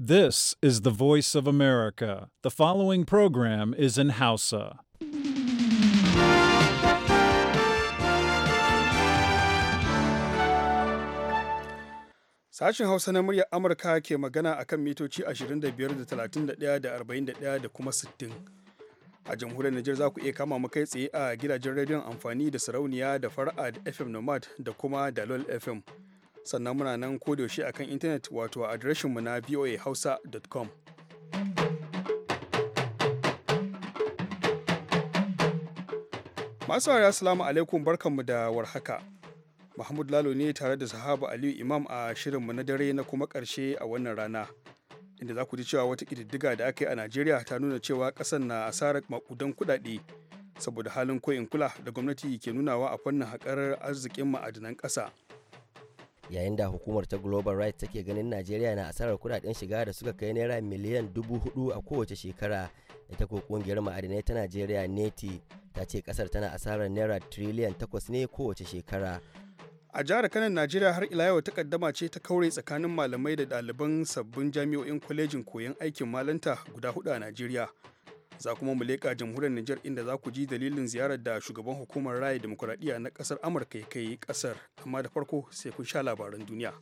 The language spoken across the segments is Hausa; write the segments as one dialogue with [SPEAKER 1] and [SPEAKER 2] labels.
[SPEAKER 1] This is the voice of America. The following program is in Hausa.
[SPEAKER 2] Sashen Hausa na muryar Amurka ke magana a kan mitoci 25 da 31 da 41 da kuma 60. A jamhuriyar Nijar za ku iya kama mu kai tsaye a gidajen rediyon amfani da sarauniya da fara'a da FM Nomad da kuma Dalol FM. sannan muna nan ko a kan intanet wato a adireshinmu na voahausa.com masu wari assalamu alaikum barkanmu da warhaka mahmud lalo ne tare da sahaba aliyu imam a shirinmu na dare na kuma karshe a wannan rana inda za ku ji cewa wata kididdiga da aka yi a najeriya ta nuna cewa ƙasar na asarar makudan kuɗaɗe saboda halin koyin kula da gwamnati ke nunawa a fannin haƙar arzikin
[SPEAKER 3] ma'adanan ƙasa yayin da hukumar ta global rights take ganin najeriya na asarar kudaden shiga da suka kai naira miliyan dubu hudu a kowace shekara ita ko kungiyar ma'adinai ta najeriya neti ta ce kasar tana asarar naira triliyan takwas ne kowace shekara a jihar kanan najeriya har ila yau takaddama ce ta kaure tsakanin malamai da ɗaliban sabbin
[SPEAKER 2] jami'o'in kwalejin koyon aikin malanta guda hudu a najeriya za kuma mu leƙa jamhuriyar Nijar inda za ku ji dalilin ziyarar da shugaban hukumar raya demokuraɗiyya na ƙasar Amurka ya kai ƙasar amma da farko sai kun sha labaran duniya.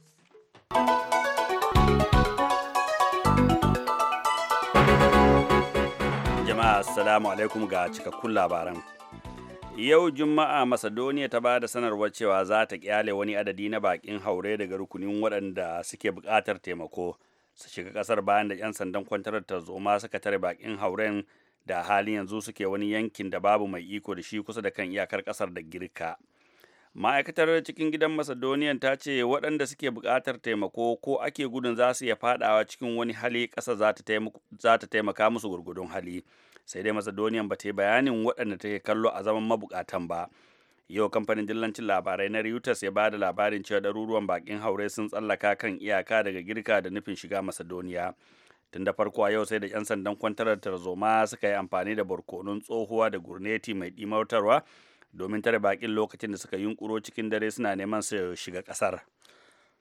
[SPEAKER 4] Jama'a assalamu alaikum ga cikakkun labaran. Yau Juma'a Macedonia ta ba da sanarwar cewa za ta kyale wani adadi na bakin haure daga rukunin waɗanda suke buƙatar taimako su shiga ƙasar bayan da 'yan sandan kwantar tarzoma suka tare bakin hauren da halin yanzu suke wani yankin da babu mai iko da shi kusa da kan iyakar kasar da girka ma'aikatar cikin gidan macedonia ta ce waɗanda suke buƙatar taimako ko ake gudun za su iya faɗawa cikin wani hali ƙasa za ta taimaka musu gurgudun hali sai dai macedonia ba ta yi bayanin waɗanda take kallo a zaman mabuƙatan ba yau kamfanin dillancin labarai na reuters ya ba da labarin cewa ɗaruruwan baƙin haure sun tsallaka kan iyaka daga girka da nufin shiga macedonia tun da farko a yau sai da 'yan sandan kwantarar tarzoma suka yi amfani da barkonun tsohuwa da gurneti mai ɗimartarwa domin tare bakin lokacin da suka yunkuro cikin dare suna neman su shiga ƙasar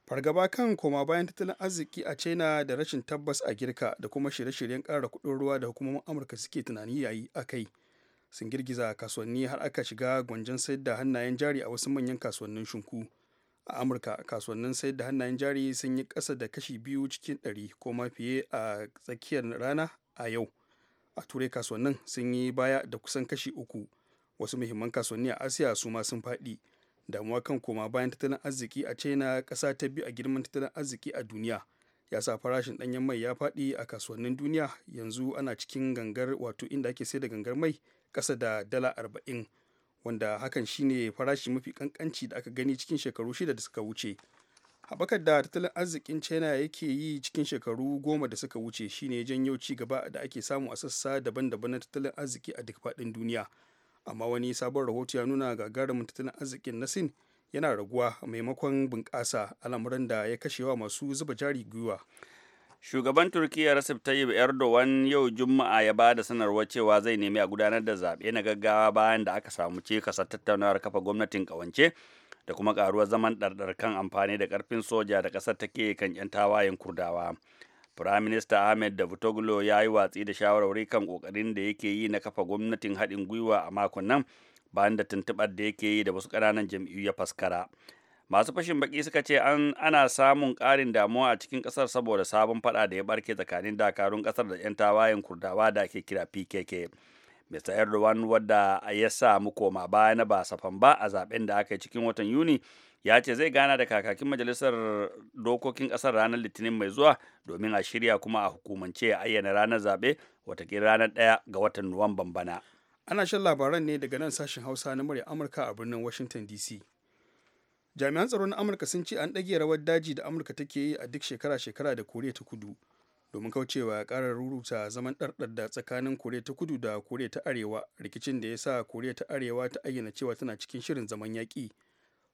[SPEAKER 2] fargaba kan koma bayan tattalin arziki a china da rashin tabbas a girka da kuma shirye-shiryen ƙara kuɗin ruwa da hukumomin amurka suke tunani yayi a kai sun girgiza kasuwanni har aka shiga gwanjan sayar da hannayen jari a wasu manyan kasuwannin shinku a amurka kasuwannin sayar da hannayen jari sun yi kasa da kashi biyu cikin ɗari ko fiye a tsakiyar rana a yau a turai kasuwannin sun yi baya da kusan kashi uku wasu muhimman kasuwanni a asiya su ma sun faɗi damuwa kan koma bayan tattalin arziki a china kasa ta biyu a girman tattalin arziki a duniya ya sa farashin ɗanyen mai ya faɗi a kasuwannin duniya yanzu ana cikin gangar wato inda ake sai da gangar mai kasa da dala arba'in wanda hakan shine farashi mafi kankanci da aka gani cikin shekaru shida da suka wuce haɓakar da tattalin arzikin china yake yi cikin shekaru goma da suka wuce shine janyo ci gaba da ake samu a sassa daban-daban na tattalin arziki a duk faɗin duniya amma wani sabon rahoto ya nuna gagarumin tattalin arzikin na sin yana raguwa maimakon bunƙasa al'amuran da ya kashewa masu zuba jari gwiwa
[SPEAKER 4] shugaban turkiyya recep tayyip erdogan yau juma'a ya ba da sanarwar cewa zai nemi a gudanar da zaɓe na gaggawa bayan da aka samu cikasa tattaunawar kafa gwamnatin ƙawance da kuma ƙaruwar zaman ɗarɗar kan amfani da ƙarfin soja da ƙasar take kan 'yan tawayen kurdawa firaminista ahmed davutoglu ya yi watsi da shawarwari kan ƙoƙarin da yake yi na kafa gwamnatin haɗin gwiwa a makon nan bayan da tuntuɓar da yake yi da wasu ƙananan jam'iyyu ya faskara masu fashin baki suka ce an ana samun karin damuwa a cikin kasar saboda sabon fada da ya barke tsakanin dakarun kasar da 'yan tawayen kurdawa da ake kira pkk mr erdogan wadda ya samu koma baya na basafan ba a zaben da aka yi cikin watan yuni ya ce zai gana da kakakin majalisar dokokin kasar ranar litinin mai zuwa domin a shirya kuma a hukumance a ayyana ranar zaɓe watakin ranar ɗaya ga watan nuwamban bana
[SPEAKER 2] ana shan labaran ne daga nan sashen hausa na murya amurka a birnin washington dc jami'an tsaro na amurka sun ce an ɗage rawar daji da amurka take yi a duk shekara-shekara da koriya ta kudu domin kaucewa ƙara ruruta zaman ɗarɗar da tsakanin koriya ta kudu da koriya ta arewa rikicin da ya sa koriya ta arewa ta ayyana cewa tana cikin shirin zaman yaƙi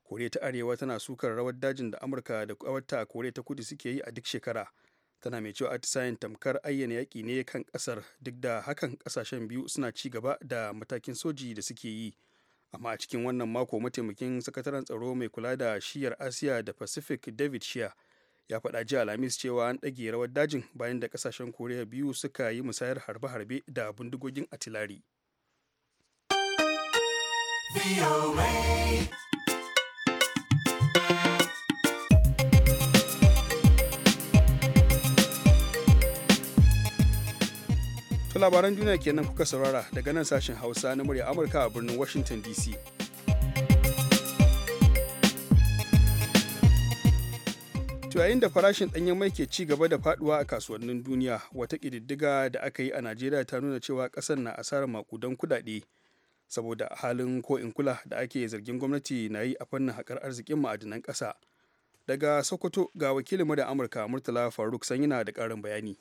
[SPEAKER 2] koriya ta arewa tana sukar rawar dajin da amurka da kawarta koriya ta kudu suke yi a duk shekara tana mai cewa atisayen tamkar ayyana yaƙi ne kan ƙasar duk da hakan ƙasashen biyu suna ci gaba da matakin soji da suke yi amma a cikin wannan mako mataimakin sakataren tsaro mai kula da shiyar asiya da pacific david shia ya faɗa ji alhamis cewa an ɗage rawar dajin bayan da ƙasashen koriya biyu suka yi musayar harbe-harbe da bindigogin atilari. To labaran duniya kenan kuka saurara daga nan sashen Hausa na murya Amurka a birnin Washington DC. To yayin da farashin ɗanyen mai ke ci gaba da faduwa a kasuwannin duniya wata ƙididdiga da aka yi a Najeriya ta nuna cewa ƙasar na asarar makudan kuɗaɗe saboda halin ko in kula da ake zargin gwamnati na yi a fannin hakar arzikin ma'adinan ƙasa. Daga Sokoto ga wakilin da Amurka Murtala Faruk Sanyina da ƙarin bayani.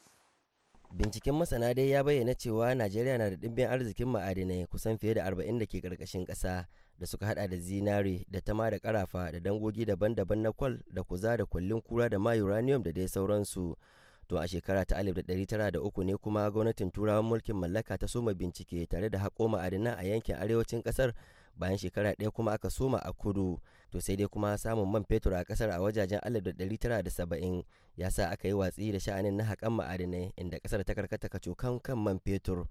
[SPEAKER 3] Binciken masana dai ya bayyana cewa Najeriya na da dimbin arzikin ma'adinai kusan fiye da arba'in da ke ƙarƙashin ƙasa da suka hada da zinare da tama da ƙarafa da dangogi daban-daban na kwal da kuza da kullin kura da ma uranium da dai sauransu. To a shekara ta alif da da tara uku ne kuma gwamnatin turawan mulkin mallaka ta soma bincike tare da haƙo ma'adinai a yankin arewacin ƙasar bayan shekara ɗaya kuma aka soma a kudu to sai dai kuma samun man fetur a kasar a wajajen da da tara ɗari saba'in ya sa aka yi watsi da sha'anin na haƙan ma'adinai inda kasar ta karkata cokan kan man fetur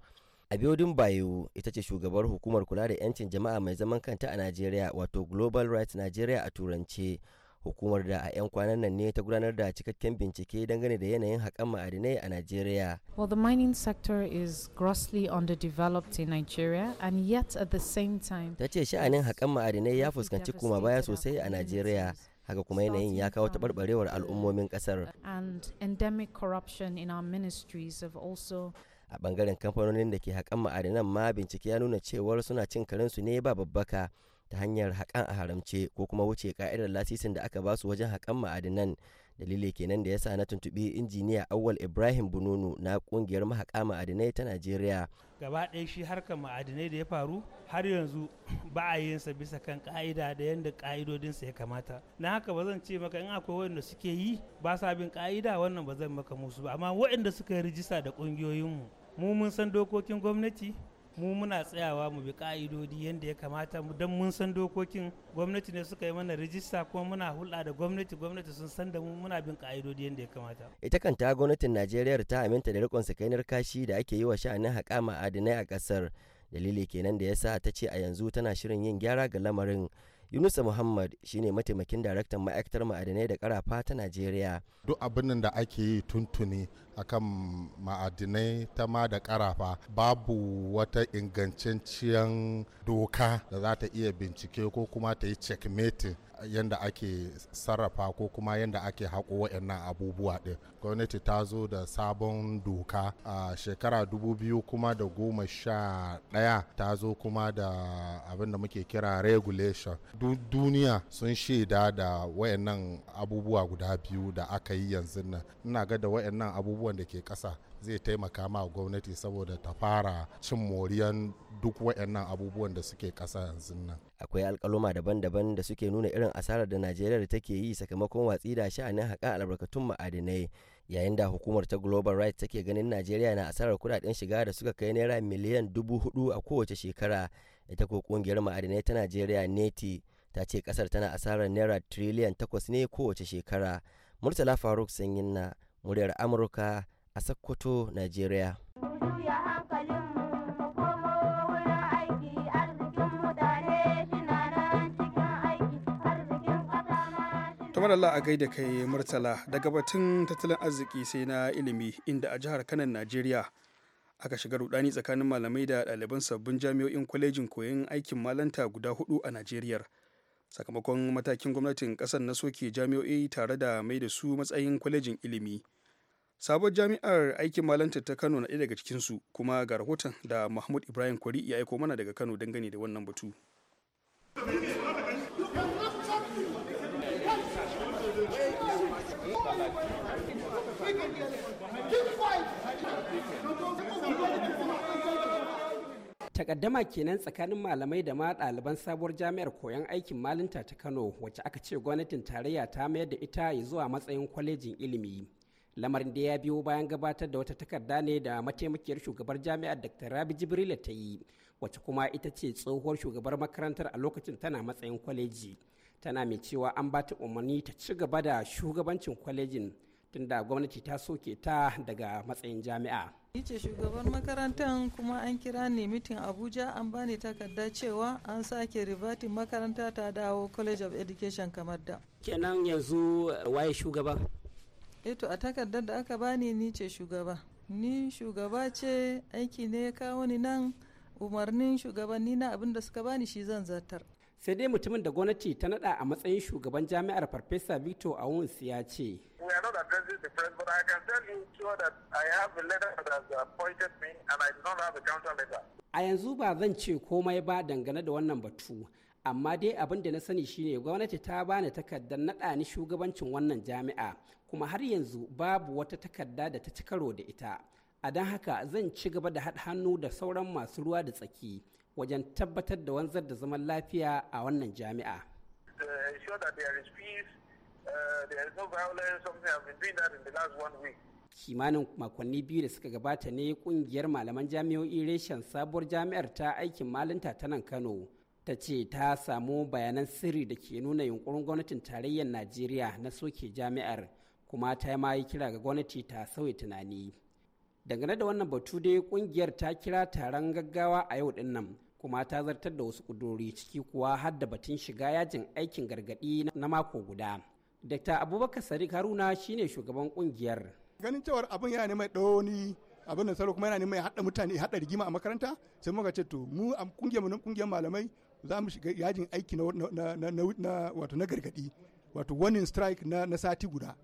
[SPEAKER 3] biyodin bayo ita ce shugabar hukumar kula da 'yancin jama'a mai zaman kanta a najeriya wato global rights nigeria a turance hukumar da a 'yan kwanan nan ne ta gudanar da cikakken bincike dangane da yanayin haƙan ma'adinai a Najeriya.
[SPEAKER 5] Well, the mining sector is grossly underdeveloped in Nigeria and yet at the same time...
[SPEAKER 3] Ta ce sha'anin haƙan ma'adinai ya fuskanci kuma baya sosai a Najeriya. haka kuma yanayin ya kawo taɓarɓarewar al'ummomin ƙasar.
[SPEAKER 5] And endemic corruption in our ministries have also
[SPEAKER 3] a ɓangaren kamfanonin da ke haƙan ma'adinan ma bincike ya nuna cewar suna cin su ne ba babbaka ta hanyar haƙan a haramce ko kuma wuce ka'idar lasisin da aka basu wajen haƙan ma'adinan dalili kenan da ya sa na tuntuɓi injiniya awwal ibrahim bununu na ƙungiyar mahaƙa ma'adinai ta najeriya
[SPEAKER 6] gaba ɗaya shi harkar ma'adinai da ya faru har yanzu ba a yin sa bisa kan ka'ida da yadda ka'idodinsa ya kamata na haka ba zan ce maka in akwai waɗanda suke yi ba sa bin ka'ida wannan ba zan maka musu ba amma waɗanda suka yi rijista da ƙungiyoyinmu mu mun san dokokin gwamnati mu muna tsayawa mu bi ka'idodi yadda ya kamata mu don mun san dokokin gwamnati ne suka yi mana rijista kuma muna hulɗa da gwamnati gwamnati sun san da mu muna bin ka'idodi yadda ya kamata
[SPEAKER 3] ita kanta gwamnatin najeriya ta aminta da rikon sakainar kashi da ake yi wa sha'anin haƙa ma'adinai a ƙasar dalili kenan da ya sa ta ce a yanzu tana shirin yin gyara ga lamarin yunusa muhammad shine mataimakin daraktan ma'aikatar ma'adanai da karafa ta najeriya
[SPEAKER 6] duk abin da ake yi tuntuni akan ma'adinai ta ma da karafa babu wata ingantacciyar doka da za ta iya bincike ko kuma ta yi checkmating yadda ake sarrafa ko kuma yadda ake haƙo wa'annan abubuwa ɗin gwamnati ta zo da sabon doka a shekara dubu biyu kuma da goma sha ɗaya ta zo kuma da abin da muke kira regulation duk duniya sun shaida da wayannan abubuwa guda biyu da aka yi yanzu nan ina ga da wayannan abubuwan da ke ƙasa zai taimaka ma gwamnati saboda ta fara cin moriyan duk waɗannan abubuwan da suke ƙasa yanzu nan.
[SPEAKER 3] Akwai alƙaluma daban-daban da suke nuna irin asarar da Najeriya take yi sakamakon watsi da sha'anin haƙa albarkatun ma'adinai yayin da hukumar ta Global Rights take ganin Najeriya na asarar kuɗaɗen shiga da suka kai naira miliyan dubu hudu a kowace shekara ita ko ƙungiyar ma'adinai ta Najeriya neti ta ce ƙasar tana asarar naira triliyan takwas ne kowace shekara. Murtala Faruk Sanyin na muryar Amurka a Sokoto, Najeriya.
[SPEAKER 2] kamar Allah a gaida kai murtala daga batun tattalin arziki sai na ilimi inda a jihar kanan najeriya aka shiga rudani tsakanin malamai da ɗaliban sabbin jami'o'in kwalejin koyon aikin malanta guda hudu a najeriya sakamakon matakin gwamnatin ƙasar na soke jami'o'i tare da mai da su matsayin kwalejin ilimi sabon jami'ar aikin malanta ta kano na ɗaya daga cikinsu kuma ga rahoton da mahmud ibrahim kwari ya aiko mana daga kano dangane da wannan batu
[SPEAKER 7] takaddama kenan tsakanin malamai da ma ɗaliban sabuwar jami'ar koyon aikin malinta ta kano wacce aka ce gwamnatin tarayya ta mayar da ita ya zuwa matsayin kwalejin ilimi lamarin da ya biyo bayan gabatar da wata takarda ne da mataimakiyar shugabar jami'ar dr rabi jibrila ta yi wacce kuma ita ce tsohuwar shugabar makarantar a lokacin tana matsayin kwaleji tana mai cewa an ba ta umarni ta ci gaba da shugabancin kwalejin tunda gwamnati ta soke ta daga matsayin jami'a. Ni ce shugaban makarantar kuma an kira ni mitin Abuja an bani takarda cewa an sake ribatin makaranta ta dawo College of Education kamar da. Kenan yanzu uh, waye shugaba? Eto eh a takardar da aka bani ni ce shugaba. Ni shugaba ce aiki ne ya kawo ni nan umarnin shugabanni na abin da suka bani shi zan zartar. sai dai mutumin da gwamnati ta nada a matsayin shugaban jami'ar farfesa victor awuns ya ce a yanzu ba zan ce komai ba dangane da wannan batu amma dai abin da na sani shine gwamnati ta bani takardar naɗa ni shugabancin wannan jami'a kuma har yanzu babu wata takarda da ta ci karo da ita a don haka zan ci gaba da haɗa hannu da sauran masu ruwa da tsaki wajen tabbatar da wanzar da zaman lafiya a wannan jami'a. Kimanin makonni biyu da suka gabata ne kungiyar malaman jami'o'i reshen sabuwar jami'ar ta aikin malinta ta nan Kano ta ce ta samu bayanan sirri da ke nuna yunkurin gwamnatin tarayyar Najeriya na soke jami'ar kuma ta ma yi kira ga gwamnati ta sauya tunani. dangane da wannan batu dai kungiyar ta kira taron gaggawa a yau dinnan kuma ta zartar da wasu kudurori ciki kuwa har da batun shiga yajin aikin gargadi na mako guda dr abubakar sadiq haruna shine shugaban kungiyar ganin cewar abin yana mai dauni abin da salo kuma yana neman mai haɗa mutane hada rigima a makaranta sai muka ce to mu
[SPEAKER 1] a kungiyar mu kungiyar malamai za mu shiga yajin aiki na na wato na gargadi wato warning strike na sati guda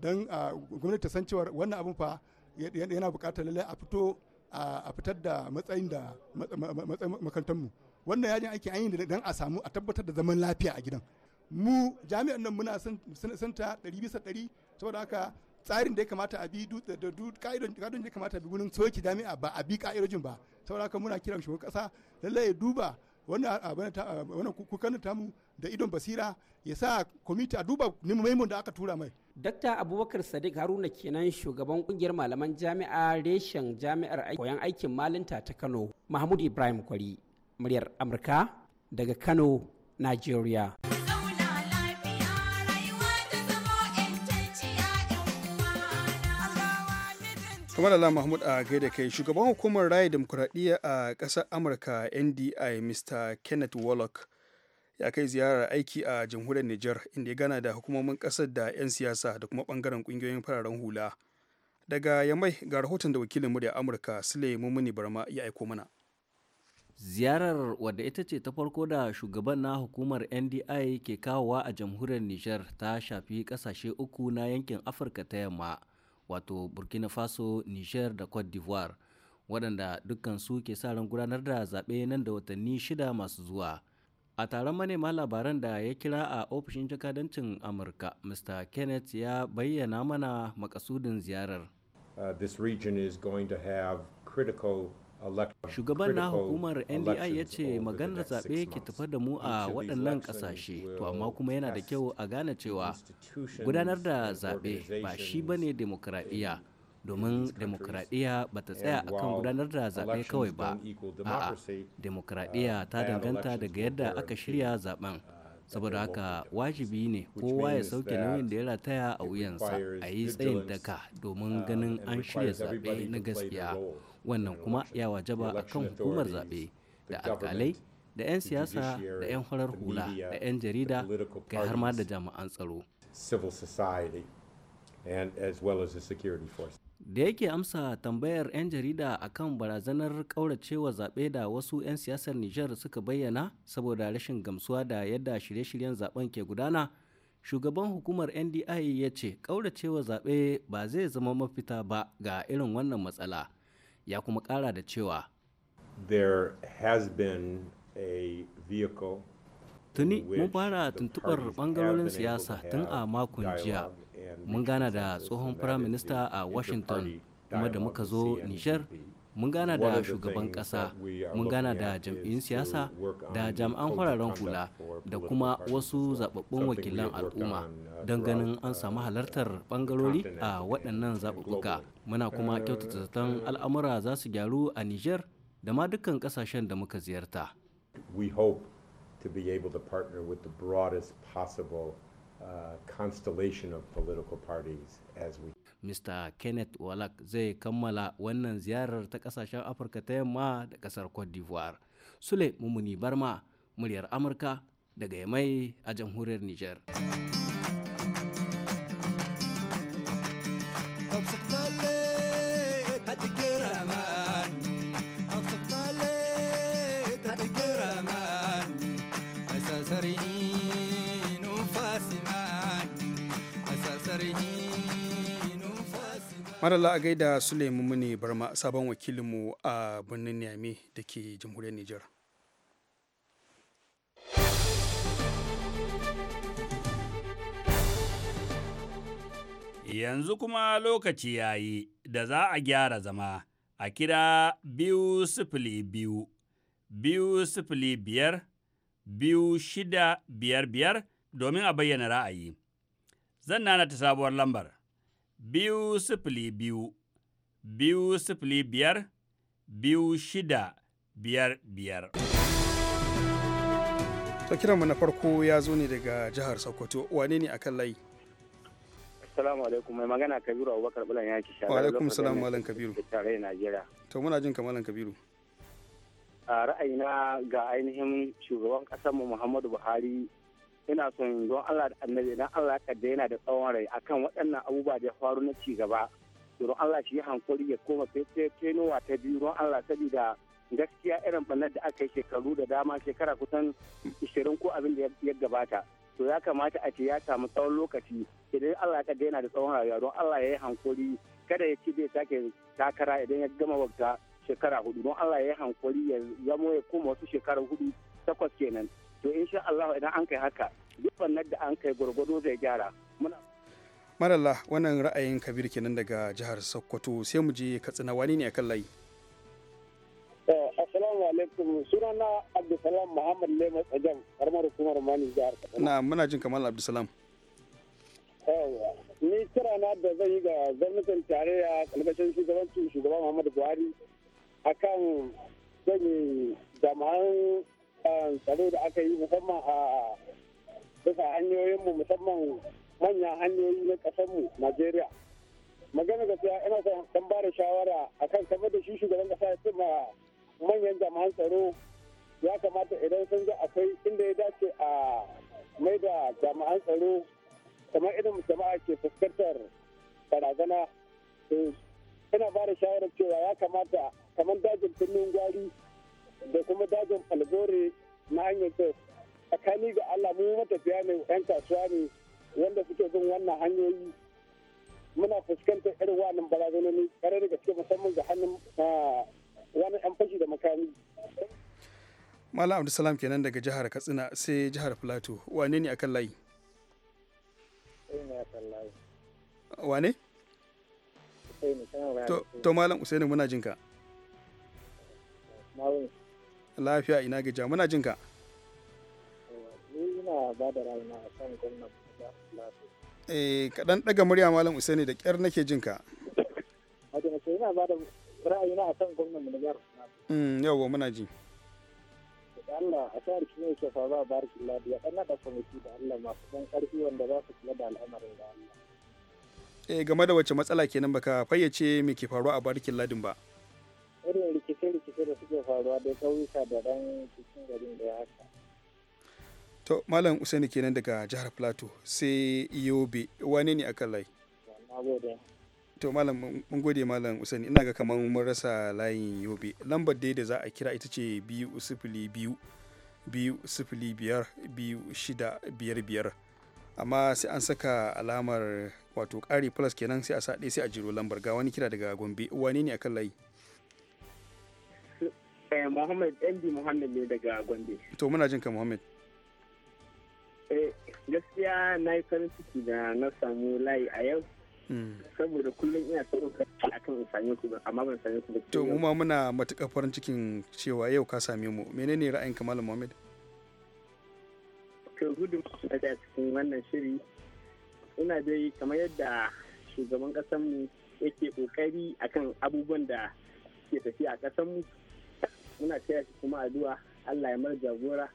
[SPEAKER 1] don ah, gwamnati ta san cewa wannan abin fa yana bukatar lallai a fito a fitar da matsayin da matsayin makarantarmu wannan yajin aiki an yi don a samu a tabbatar da zaman lafiya a gidan mu jami'an nan muna son ta ɗari bisa ɗari saboda haka tsarin da ya kamata a bi da ka'idon da ya kamata a bi wurin soke jami'a ba a bi ka'idojin ba saboda haka muna kiran shugaban kasa lallai ya duba wannan kukan tamu da idon basira ya sa kwamiti a duba maimun da aka tura mai
[SPEAKER 7] Dr. Abubakar Sadiq Haruna kenan shugaban kungiyar malaman jami'a reshen jami'ar koyon aikin malinta ta Kano, Mahmud Ibrahim Kwari, muryar Amurka daga Kano, Nigeria.
[SPEAKER 2] kamar Allah Mahmud a gaida kai shugaban hukumar raya demokuraɗiyya a ƙasar Amurka NDI Mr. Kenneth Wallach ya kai ziyarar aiki a jamhuriyar Nijar inda ya gana da hukumomin kasar da 'yan siyasa da kuma bangaren kungiyoyin fararen hula. Daga Yamai ga rahoton da wakilin murya Amurka Sule Mumuni Barma ya aiko mana. Ziyarar wadda ita ce ta farko da shugaban na hukumar NDI ke kawowa a jamhuriyar
[SPEAKER 1] Nijar ta shafi kasashe uku na yankin Afirka ta yamma, wato Burkina Faso, Nijar da Cote d'Ivoire, waɗanda dukkan su ke sa ran gudanar da zaɓe nan da watanni shida masu zuwa. a taron manema labaran da ya kira a ofishin jakadancin amurka mr kenneth ya bayyana mana makasudin ziyarar uh, this region is going to have critical Shugaban na hukumar NDI ya ce maganar zaɓe ke tafa da mu a waɗannan ƙasashe, to amma kuma yana da kyau a gane cewa gudanar da zaɓe ba shi ba ne demokuraɗiyya. domin demokradiyya ba ta tsaya akan gudanar da zaɓe kawai ba a'a demokradiyya uh, ta danganta daga yadda aka shirya zaben uh, saboda haka wajibi ne kowa ya sauke nauyin da ya rataya a wuyansa a yi tsayin daka domin uh, ganin an shirya zaɓe na gaskiya wannan kuma ya wajaba akan hukumar zaɓe da alkalai da 'yan siyasa da 'yan farar hula da 'yan jarida kai har ma da jami'an tsaro civil society and as well as the security force da yake amsa tambayar 'yan jarida a kan barazanar kauracewa zaɓe da wasu 'yan siyasar nijar suka bayyana saboda rashin gamsuwa da yadda shirye-shiryen zaben ke gudana shugaban hukumar ndi ya ce kauracewa zaɓe ba zai zama mafita ba ga irin wannan matsala ya kuma ƙara da cewa
[SPEAKER 4] there has
[SPEAKER 1] been a tuni mun fara tuntuɓar ɓangarorin siyasa tun a makon jiya mun gana da tsohon firaminista a washington kuma da muka zo nijar mun gana da shugaban kasa mun gana da jam'iyyun siyasa da jami'an fararen hula da kuma wasu zababbun wakilan al'umma don ganin an samu halartar bangarori a waɗannan zaɓuɓɓuka muna kuma kyautata zaton al'amura za su gyaru a niger da ma dukkan ƙasashen da muka ziyarta
[SPEAKER 7] we hope to be able partner with the broadest possible Uh, constellation of political parties as we
[SPEAKER 1] Mr. Kenneth Wallach zai kammala wannan ziyarar ta kasashen Afirka ta yamma da kasar Cote d'Ivoire. Sule Mumuni Barma, muryar Amurka daga Yamai a jamhuriyar Nijar.
[SPEAKER 2] Madalla a gaida Suleiman Mune Barma sabon wakilinmu a birnin Niamey da ke jamhuriyar Nijar.
[SPEAKER 4] Yanzu kuma lokaci ya yi da za a gyara zama a kira biyu sifili biyu, biyu sifili biyar, biyu shida biyar biyar domin a bayyana ra'ayi. Zan nana ta sabuwar lambar. biyu sifili biyu, biyu sifili biyar, biyu shida biyar biyar.
[SPEAKER 2] To na farko ya zo ne daga jihar Sokoto, wane ne akan layi?
[SPEAKER 6] Assalamu alaikum, mai magana Kabiru Abubakar Bulan yaki sha. Wa alaikum salam Malam
[SPEAKER 2] Kabiru. Tare Najeriya. To muna jin ka Malam Kabiru.
[SPEAKER 6] A ra'ayina ga ainihin shugaban ƙasarmu Muhammadu Buhari ina son don Allah da annabi dan Allah ka yana da tsawon rai akan waɗannan abubuwa da ya faru na ci gaba don Allah shi hankali ya koma sai sai kenowa ta biyu don Allah saboda gaskiya irin bannan da aka yi shekaru da dama shekara kusan 20 ko abin da ya gabata to ya kamata a ce ya samu tsawon lokaci idan Allah ka yana da tsawon rayuwa don Allah ya yi hankali kada ya ci zai sake takara idan ya gama wata shekara hudu don Allah ya yi hankali ya zamo ya koma wasu shekara hudu takwas kenan to insha Allah idan an kai haka duk wannan da an kai gurgudu zai gyara muna
[SPEAKER 2] maralla wannan ra'ayin kabir kenan daga jihar sokoto sai mu je katsina wani ne akan layi
[SPEAKER 8] eh, assalamu alaikum sunana abdulsalam muhammad lema tsajam karamar hukumar mani jihar
[SPEAKER 2] katsina na muna jin kamar abdulsalam
[SPEAKER 8] ni kira na da zan yi ga gwamnatin tarayya kalmashin shugabancin shugaban muhammadu buhari akan zan yi jama'an tsaro da aka yi musamman a bisa hanyoyinmu musamman manyan hanyoyi na ƙasarmu Najeriya. Magana gaskiya ina son dan ba da shawara akan kamar da shi shugaban ƙasa ya ma manyan jama'an tsaro ya kamata idan sun ga akwai inda ya dace a mai da jama'an tsaro kamar irin jama'a ke fuskantar barazana eh, ina ba da shawarar cewa ya kamata kamar dajin birnin gwari to tsakani ga Allah mu matafiya ne yan kasuwa ne wanda suke bin wannan hanyoyi muna fuskantar irin wannan barazanoni kare da gaske musamman ga hannun ah, wani yan fashi da makami
[SPEAKER 2] Malam Abdulsalam kenan daga jihar Katsina sai jihar Plateau wane ne akan layi? Wane? To Malam Usaini muna jinka. Lafiya ina gija muna jinka.
[SPEAKER 8] suna ba da rayuwa a kan gwamnan da lafiya.
[SPEAKER 2] eh kaɗan ɗaga murya malam usaini da ƙyar nake jin ka
[SPEAKER 8] A da mace ina ba da ra'ayina a kan gwamnan da lafiya. jihar plateau
[SPEAKER 2] mm, yawwa muna ji
[SPEAKER 8] Allah a sa rikin yake faruwa a barikin lafiya, ya ɗan da kwamiti da Allah masu ɗan ƙarfi wanda za su kula da al'amarin da Allah.
[SPEAKER 2] Eh game da wace matsala kenan baka fayyace me ke faruwa a barikin ladin ba.
[SPEAKER 8] Irin rikice-rikice da suke faruwa dai ƙauyuka da ɗan cikin garin da ya haka.
[SPEAKER 2] to malam usaini kenan daga jihar plateau sai yobe wane ne aka layi to malam mun gode malam usaini ina ga kamar mun rasa layin yobe lambar dai da za a kira ita ce biyu sifili biyu biyu sifili biyar biyu shida biyar biyar amma sai an saka alamar wato ƙari plus kenan sai a sa ɗaya sai a jiro lambar ga wani kira daga gombe wane ne akan layi
[SPEAKER 6] eh, Muhammad Ɗanbi Muhammad ne daga Gombe.
[SPEAKER 2] To muna ka Muhammad.
[SPEAKER 6] Eh, gaskiya na yi farin ciki da na samu layi a yau hmm. saboda kullum ina samun kai akan in same ku amma ban same ku ba to mu ma
[SPEAKER 2] muna matuƙar farin cikin cewa yau ka same mu menene ra'ayinka malam Muhammad
[SPEAKER 6] to gudun da cikin wannan shiri ina dai kamar yadda shugaban mu yake kokari akan abubuwan da ke tafiya a mu muna taya shi kuma addu'a Allah ya mar jagora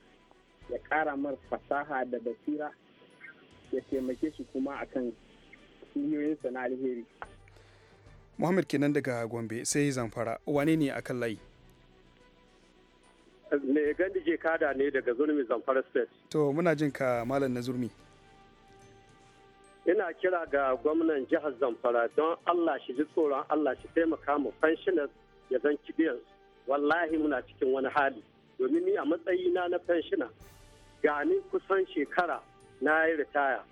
[SPEAKER 6] ya ƙara mar fasaha da basira ya taimake shi kuma akan hanyoyinsa na alheri
[SPEAKER 2] Muhammad kenan daga Gombe sai Zamfara wane ne akan layi?
[SPEAKER 6] Me gandu je kada ne daga zurmi Zamfara State.
[SPEAKER 2] To muna jin ka malam na zurmi.
[SPEAKER 6] Ina kira ga gwamnan jihar Zamfara don Allah shi ji tsoron Allah shi taimaka mu fanshinan ya zan kibiyar wallahi muna cikin wani hali. domin ni a matsayi na fenshina ga ni kusan shekara na yi ritaya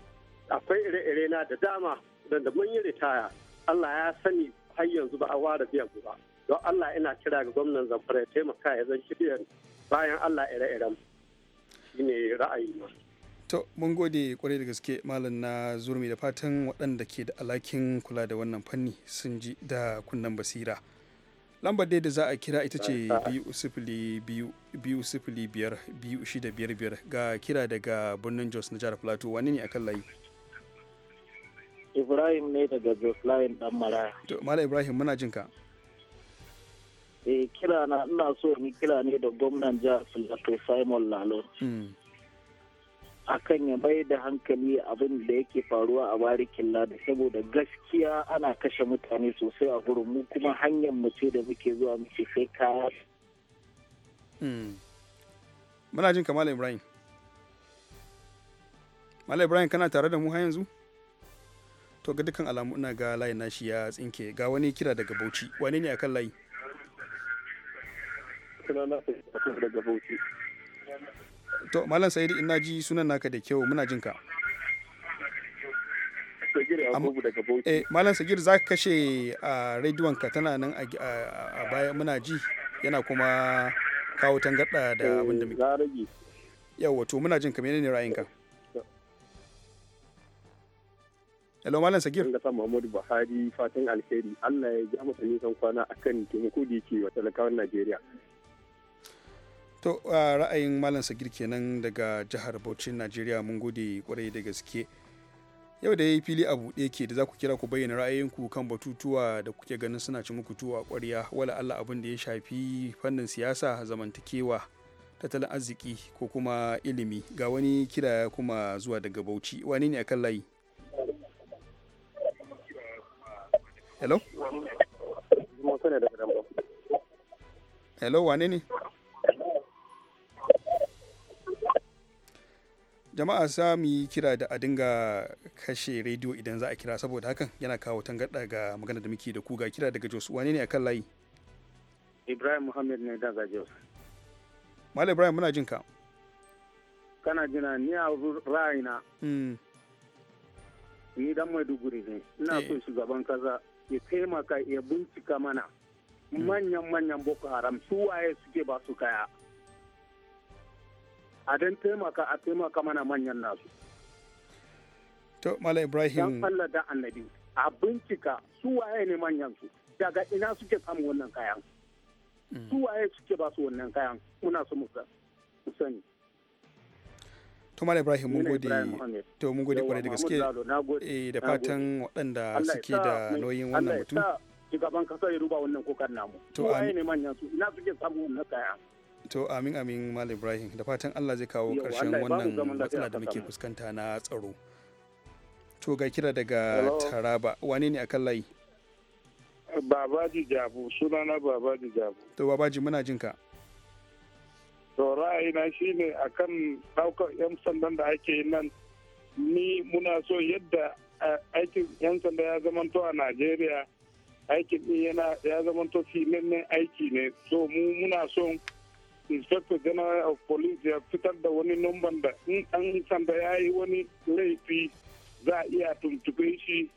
[SPEAKER 6] akwai ire-ire na da dama da mun yi ritaya Allah ya sani har yanzu ba a ware biyan ba don Allah ina kira ga gwamnan zamfara ya taimaka ya zan biyan bayan Allah ire-iren shine ma.
[SPEAKER 2] To, mun gode kwarai da gaske malam na zurmi da fatan waɗanda ke da alakin kula da wannan fanni sun ji da kunnan basira. lambar dai da za a kira ita ce biyu sifili biyar biyu shida biyar biyar ga kira daga birnin jos na jihar plato wani ne akan layi
[SPEAKER 6] ibrahim ne daga jos layin dan mara.
[SPEAKER 2] to mala ibrahim muna jin ka
[SPEAKER 6] eh kira na ina so ni kira ne da gwamnan jihar plato simon lalo hmm. akan ya bai da hankali abin da yake faruwa a barikin lada saboda gaskiya ana kashe mutane sosai a gurin mu kuma hanyar mu ce da muke zuwa muke sai ka
[SPEAKER 2] hmm. Muna jin Kamal Ibrahim. Malam Ibrahim kana tare da mu har yanzu? To ga dukkan alamu ina ga layin nashi ya tsinke ga wani kira daga Bauchi. wani ne akan layi? Bauchi. to malam sa'idu ina ji sunan naka da kyau muna jin ka eh malam sagir za ka kashe a rediyon ka tana nan a baya muna ji yana kuma kawo tangarda da eh, abin da muke yawa wato muna jin ka menene ra'ayinka Hello Malam Sagir. An gasa Muhammadu Buhari fatan alheri Allah ya ji amsa
[SPEAKER 6] nisan kwana akan taimako da yake wa talakawan Najeriya.
[SPEAKER 2] to ra'ayin malam sagir kenan daga jihar bauchi najeriya mun gode kwarai da gaske yau da ya yi fili a buɗe ke da za ku kira ku bayyana ra'ayinku kan batutuwa da kuke ganin suna ci muku tuwa kwarya wala Allah abin da ya shafi fannin siyasa zamantakewa tattalin arziki ko kuma ilimi ga wani kira kuma zuwa daga bauchi wani ne akan layi hello hello wane ne jama'a sa mu yi kira da a dinga kashe rediyo idan za a kira saboda hakan yana kawo tangarɗa ga magana da muke da ku ga kira daga jos wane ne akan layi
[SPEAKER 6] ibrahim muhammad ne daga jos
[SPEAKER 2] malam ibrahim muna jin ka
[SPEAKER 6] kana jina ni a ra'ayina hmm. ni dan maiduguri ne ina eh. so shugaban kaza ya taimaka ya bincika mana hmm. manyan manyan boko haram su waye suke ba su kaya a don taimaka a taimaka mana manyan nasu
[SPEAKER 2] to mala ibrahim dan Allah
[SPEAKER 6] da annabi a bincika su waye ne manyan su daga ina suke samun wannan kayan mm. su waye suke ba su wannan kayan muna so mu sani
[SPEAKER 2] to mala ibrahim mun gode to mun gode kwarai da gaske
[SPEAKER 6] eh da fatan
[SPEAKER 2] waɗanda suke da nauyin wannan mutum
[SPEAKER 6] shugaban kasa ya ruba wannan kokar namu to waye ne manyan su ina suke samun wannan kayan
[SPEAKER 2] to amin amin mal ibrahim da fatan allah zai kawo karshen wannan matsala da muke fuskanta na tsaro to ga kira daga taraba wane ne akan layi
[SPEAKER 8] babaji jabu sunana babaji jabu
[SPEAKER 2] to babaji muna jin ka
[SPEAKER 8] to ra'ayina shine akan daukar yan sandan da ake yi nan ni muna so yadda aikin yan sanda ya zamanto a najeriya aikin din yana ya zamanto filin aiki ne so mu muna son inspector general of police ya fitar da wani numban da in an sanda ya yi wani laifi za a iya tuntube shi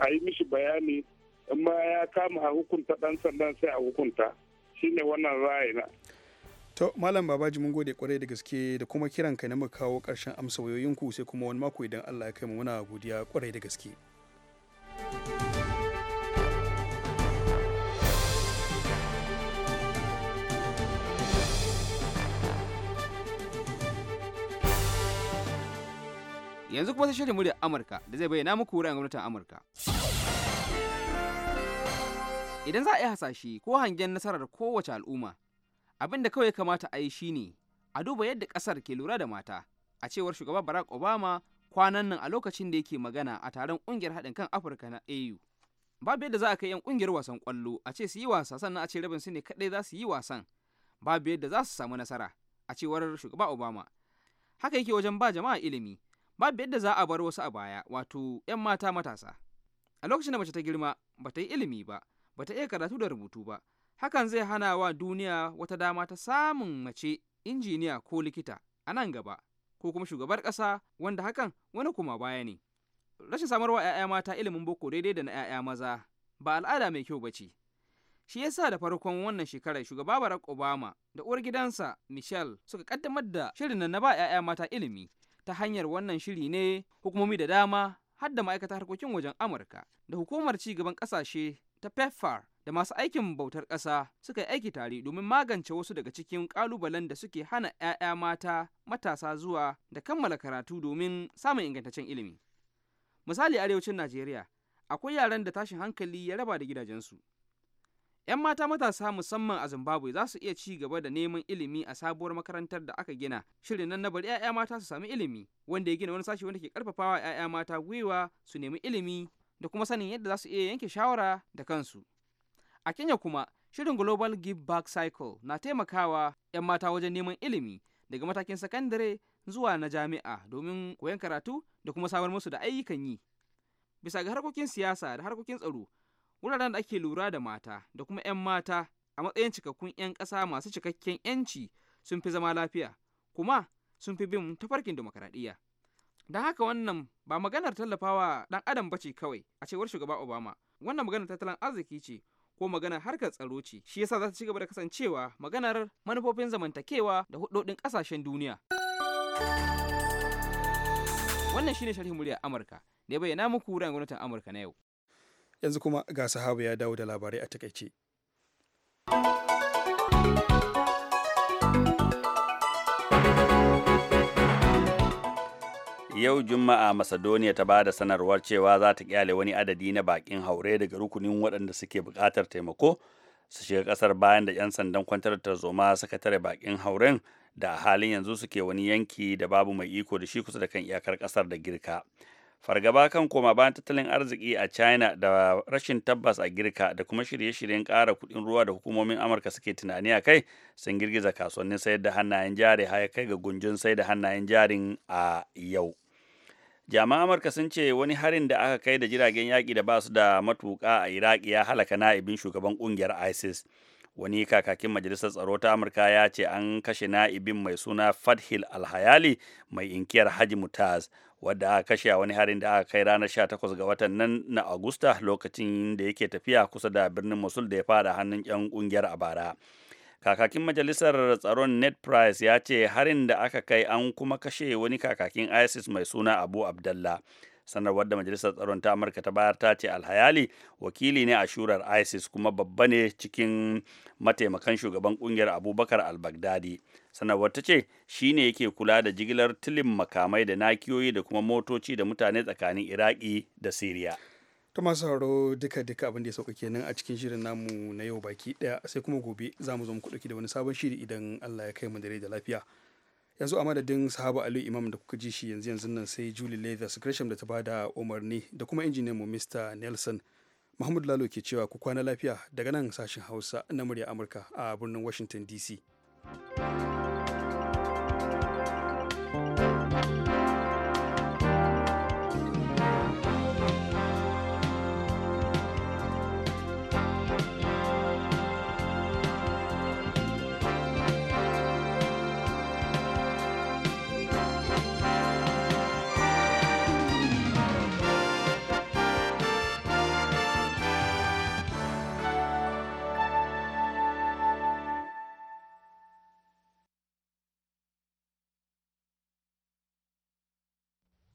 [SPEAKER 8] a yi mishi bayani amma ya kama a hukunta dan sandan sai a hukunta shine wannan ra'ayina
[SPEAKER 2] to malam babaji mun gode kwarai da gaske da kuma kiran ka na mu kawo karshen amsa ku sai kuma wani mako idan Allah ya kai mu muna godiya kwarai da gaske
[SPEAKER 5] Yanzu kuma sai shirin muryar Amurka da zai bayyana muku wuraren gwamnatin Amurka. Idan za a yi hasashe ko hangen nasarar kowace al'umma, abin da kawai kamata a yi shi ne a duba yadda ƙasar ke lura da mata, a cewar shugaba Barack Obama kwanan nan a lokacin da yake magana a taron ƙungiyar haɗin kan Afirka na AU. Babu yadda za a kai 'yan ƙungiyar wasan ƙwallo a ce su yi wasa sannan a ce rabin su ne kaɗai za su yi wasan. Babu yadda za su samu nasara a cewar shugaba Obama. Haka yake wajen ba jama'a ilimi babu yadda za a bar wasu a baya wato 'yan mata matasa a lokacin da mace ta girma ba ta yi ilimi ba ba ta iya karatu da rubutu ba hakan zai hana wa duniya wata dama ta samun mace injiniya ko likita a nan gaba ko kuma shugabar ƙasa wanda hakan wani kuma baya ne rashin samarwa 'ya'ya mata ilimin boko daidai da na 'ya'ya maza ba al'ada mai kyau ba ce shi yasa da farkon wannan shekarar shugaba barack obama da uwar gidansa michelle suka kaddamar da shirin na ba 'ya'ya mata ilimi ta hanyar wannan shiri ne hukumomi da dama har da ma'aikatar harkokin wajen amurka da hukumar ci gaban ƙasashe ta pepfar da masu aikin bautar ƙasa suka yi aiki tare domin magance wasu daga cikin ƙalubalen da suke hana 'ya'ya mata matasa zuwa da kammala karatu domin samun ingantaccen ilimi misali arewacin najeriya akwai yaran da tashin hankali ya raba da gidajensu 'Yan mata matasa musamman a Zimbabwe za su iya ci gaba da neman ilimi a sabuwar makarantar da aka gina. Shirin nan na bari 'ya'ya mata su sami ilimi, wanda ya gina wani sashi wanda ke karfafawa 'ya'ya mata gwiwa su nemi ilimi da kuma sanin yadda za su iya yanke shawara da kansu. A Kenya kuma, shirin Global Give Back Cycle na taimakawa 'yan mata wajen neman ilimi daga matakin sakandare zuwa na jami'a domin koyon karatu da kuma samar musu da ayyukan yi. Bisa ga harkokin siyasa da harkokin tsaro, wuraren da ake lura da mata da kuma 'yan mata a matsayin cikakkun 'yan ƙasa masu cikakken 'yanci sun fi zama lafiya kuma sun fi bin tafarkin demokaradiyya da haka wannan ba maganar tallafawa ɗan adam bace kawai a cewar shugaba obama wannan maganar tattalin arziki ce ko maganar harkar tsaro ce shi yasa za ta ci gaba da kasancewa maganar manufofin zamantakewa da hudodin ƙasashen duniya wannan shine sharhin murya amurka da ya bayyana muku ran gwamnatin amurka na yau
[SPEAKER 2] yanzu kuma ga sahabu ya dawo da labarai a takaice
[SPEAKER 4] yau juma'a macedonia ta ba da sanarwar cewa za ta kyale wani adadi na bakin haure daga rukunin waɗanda suke buƙatar taimako su shiga ƙasar bayan da 'yan sandan kwantar tarzoma suka tare bakin hauren da a halin yanzu suke wani yanki da babu mai iko da shi kusa da kan iyakar ƙasar da girka fargaba kan koma bayan tattalin arziki a china da rashin tabbas a girka da kuma shirye-shiryen kara kuɗin ruwa da hukumomin amurka suke tunani a kai sun girgiza kasuwannin sayar da hannayen jari har kai ga gunjin sayar da hannayen jarin a yau jami'an amurka sun ce wani harin da aka kai da jiragen yaƙi da basu da matuƙa a iraq ya halaka na'ibin shugaban ƙungiyar isis wani kakakin majalisar tsaro ta amurka ya ce an kashe na'ibin mai suna fadhil alhayali mai inkiyar haji mutaz wadda aka kashe a wani harin da aka kai ranar 18 ga watan nan na Agusta lokacin da yake tafiya kusa da birnin Mosul da ya fada hannun 'yan kungiyar a bara. Kakakin majalisar tsaron Ned Price ya ce harin da aka kai an kuma kashe wani kakakin ISIS mai suna Abu Abdallah. sanarwar da majalisar tsaron ta amurka ta bayar ta ce alhayali wakili ne a shurar isis kuma babba ne cikin mataimakan shugaban kungiyar abubakar al-baghdadi sanarwar ta ce shi ne yake kula da jigilar tilin makamai da nakiyoyi da kuma motoci da mutane tsakanin iraki da siriya
[SPEAKER 2] ta masu sauraro duka duka abin da ya sauka kenan a cikin shirin namu na yau baki daya sai kuma gobe za mu zo mu kuɗi da wani sabon shiri idan allah ya kai mu da lafiya yanzu a madadin sahaba ali imam da kuka ji shi yanzu yanzu nan sai julie su gresham da ta bada umarni da kuma injiniyan mu mr nelson mahmud lalo ke cewa ku kwana lafiya daga nan sashen hausa na murya amurka a birnin washington dc thank you